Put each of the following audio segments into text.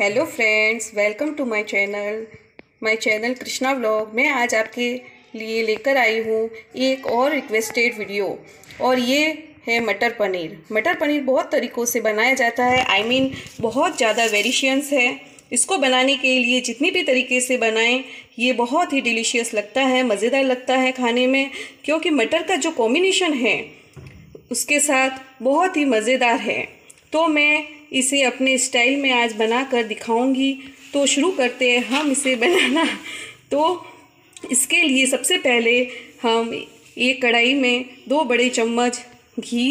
hello friends welcome to my channel my channel Krishna vlog मैं आज आपके लिए लेकर आई हूँ एक और रिक्वेस्टेड वीडियो और ये है मटर पनीर मटर पनीर बहुत तरीक़ों से बनाया जाता है आई I मीन mean, बहुत ज़्यादा वेरिएशंस है इसको बनाने के लिए जितनी भी तरीके से बनाएं ये बहुत ही डिलीशियस लगता है मज़ेदार लगता है खाने में क्योंकि मटर का जो कॉम्बिनेशन है उसके साथ बहुत ही मज़ेदार है तो मैं इसे अपने स्टाइल में आज बना कर दिखाऊँगी तो शुरू करते हैं हम इसे बनाना तो इसके लिए सबसे पहले हम एक कढ़ाई में दो बड़े चम्मच घी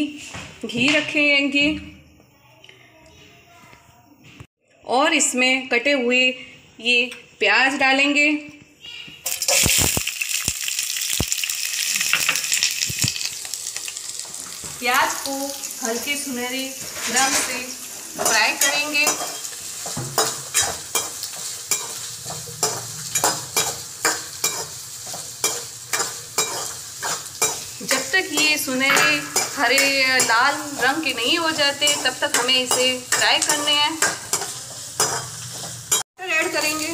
घी रखेंगे और इसमें कटे हुए ये प्याज डालेंगे प्याज को हल्के सुनहरे रंग से फ्राई करेंगे जब तक ये सुनहरे हरे लाल रंग के नहीं हो जाते तब तक हमें इसे फ्राई करने हैं ऐड करेंगे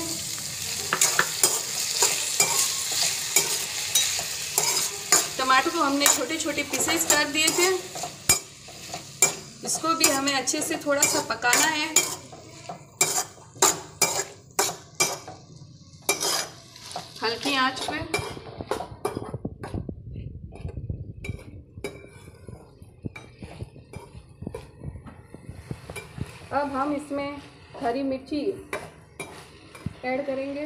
टमाटर को हमने छोटे छोटे पीसेस कर दिए थे इसको भी हमें अच्छे से थोड़ा सा पकाना है हल्की आंच पे अब हम इसमें हरी मिर्ची ऐड करेंगे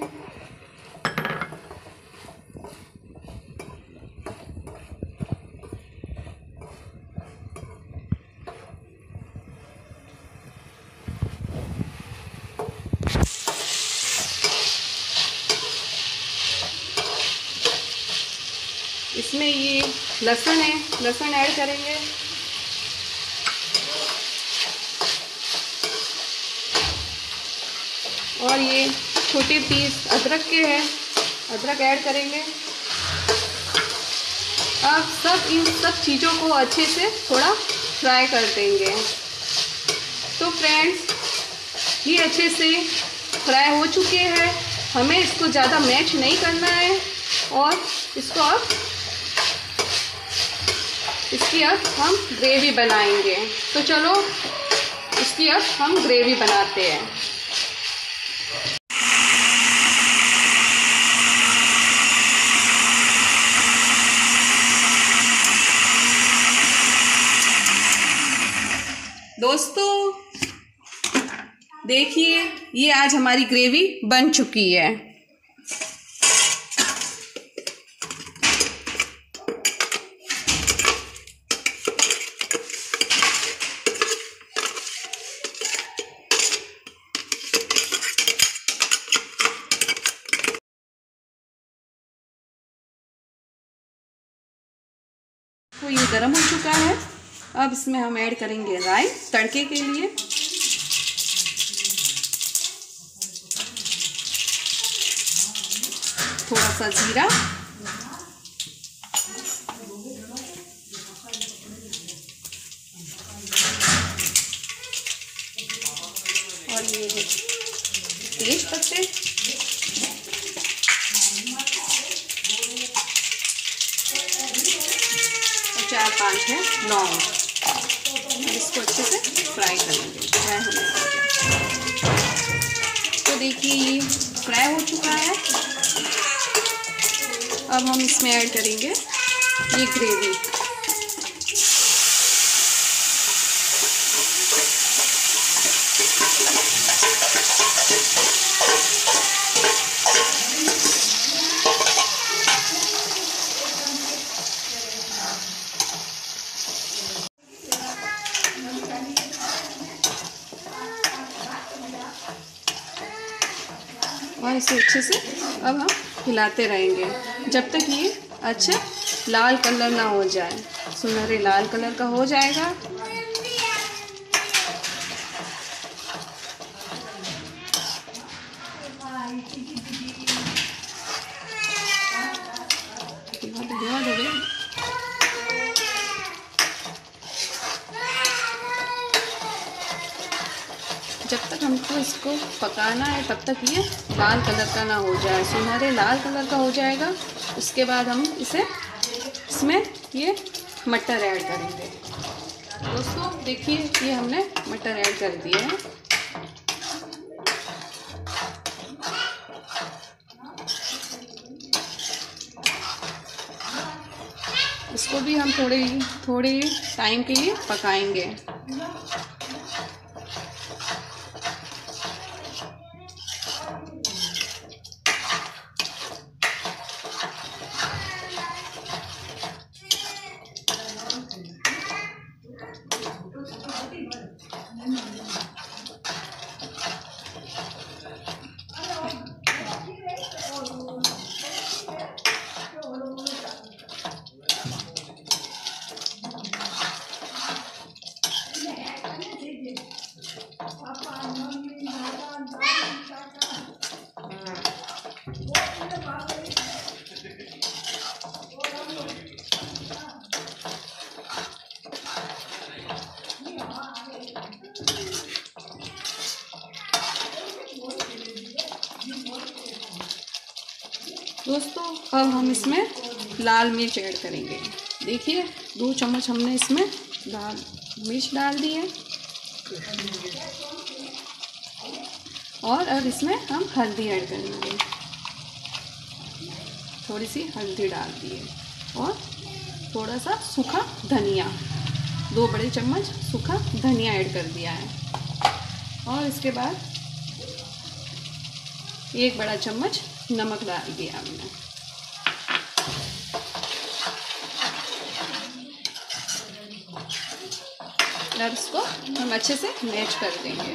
इसमें ये लहसुन है लहसुन ऐड करेंगे और ये छोटे पीस अदरक के हैं अदरक ऐड करेंगे अब सब इन सब चीज़ों को अच्छे से थोड़ा फ्राई कर देंगे तो फ्रेंड्स ये अच्छे से फ्राई हो चुके हैं हमें इसको ज़्यादा मैच नहीं करना है और इसको अब इसकी अब हम ग्रेवी बनाएंगे तो चलो इसकी अब हम ग्रेवी बनाते हैं दोस्तों देखिए ये आज हमारी ग्रेवी बन चुकी है गर्म हो चुका है अब इसमें हम ऐड करेंगे राई तड़के के लिए थोड़ा सा जीरा और ये तेज पत्ते चार पाँच है नौ इसको अच्छे से फ्राई कर लेंगे फ्राई होने तो देखिए ये फ्राई हो चुका है अब हम इसमें ऐड करेंगे ये ग्रेवी और इसे अच्छे से अब हम हिलाते रहेंगे जब तक ये अच्छा लाल कलर ना हो जाए सुनहरे लाल कलर का हो जाएगा पकाना है तब तक ये लाल कलर का ना हो जाए सुनहरे लाल कलर का हो जाएगा उसके बाद हम इसे इसमें ये मटर ऐड करेंगे दोस्तों देखिए ये हमने मटर ऐड कर दिए हैं इसको भी हम थोड़े थोड़े टाइम के लिए पकाएंगे दोस्तों अब हम इसमें लाल मिर्च ऐड करेंगे देखिए दो चम्मच हमने इसमें लाल मिर्च डाल दी है और अब इसमें हम हल्दी ऐड करेंगे थोड़ी सी हल्दी डाल दी है और थोड़ा सा सूखा धनिया दो बड़े चम्मच सूखा धनिया ऐड कर दिया है और इसके बाद एक बड़ा चम्मच नमक डाल दिया हमने और इसको हम अच्छे से मैच कर देंगे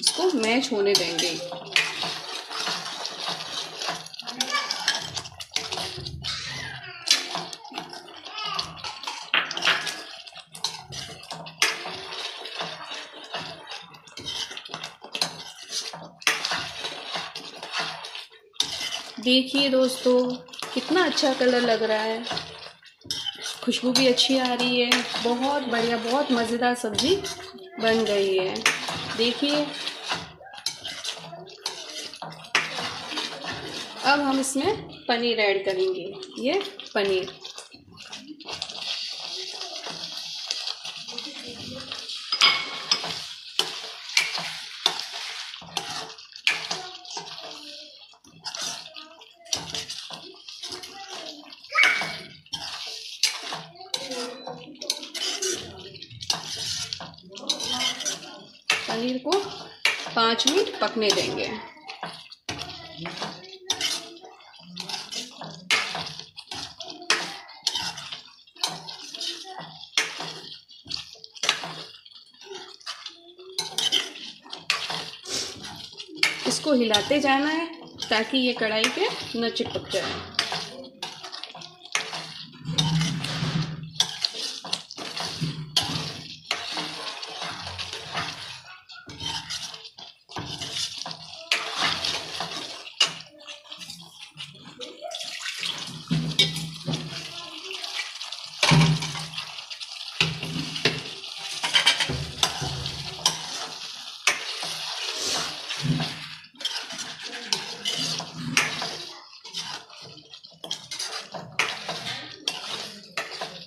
इसको मैच होने देंगे देखिए दोस्तों कितना अच्छा कलर लग रहा है खुशबू भी अच्छी आ रही है बहुत बढ़िया बहुत मज़ेदार सब्ज़ी बन गई है देखिए अब हम इसमें पनीर ऐड करेंगे ये पनीर पनीर को पाँच मिनट पकने देंगे इसको हिलाते जाना है ताकि ये कढ़ाई पे न चिपक जाए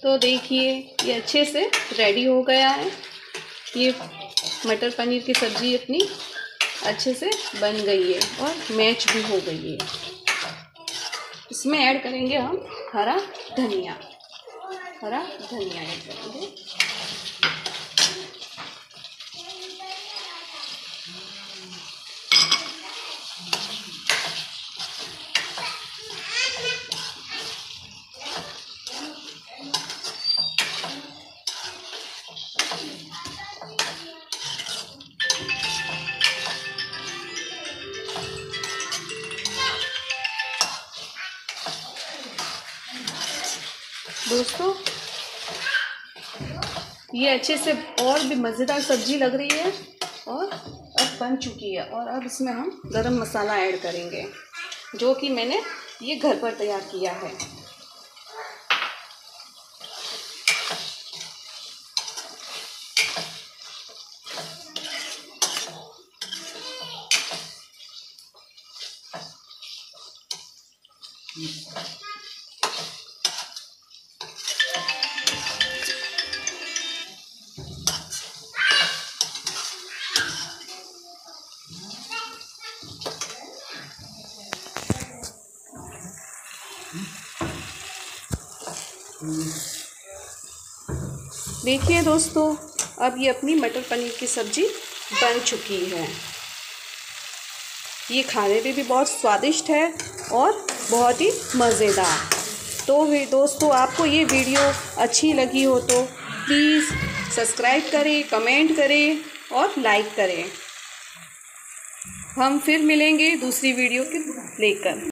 तो देखिए ये अच्छे से रेडी हो गया है ये मटर पनीर की सब्ज़ी अपनी अच्छे से बन गई है और मैच भी हो गई है इसमें ऐड करेंगे हम हरा धनिया हरा धनिया ऐड करेंगे दोस्तों ये अच्छे से और भी मज़ेदार सब्जी लग रही है और अब बन चुकी है और अब इसमें हम गरम मसाला ऐड करेंगे जो कि मैंने ये घर पर तैयार किया है देखिए दोस्तों अब ये अपनी मटर पनीर की सब्ज़ी बन चुकी है ये खाने में भी बहुत स्वादिष्ट है और बहुत ही मज़ेदार तो भी दोस्तों आपको ये वीडियो अच्छी लगी हो तो प्लीज़ सब्सक्राइब करें कमेंट करें और लाइक करें हम फिर मिलेंगे दूसरी वीडियो के लेकर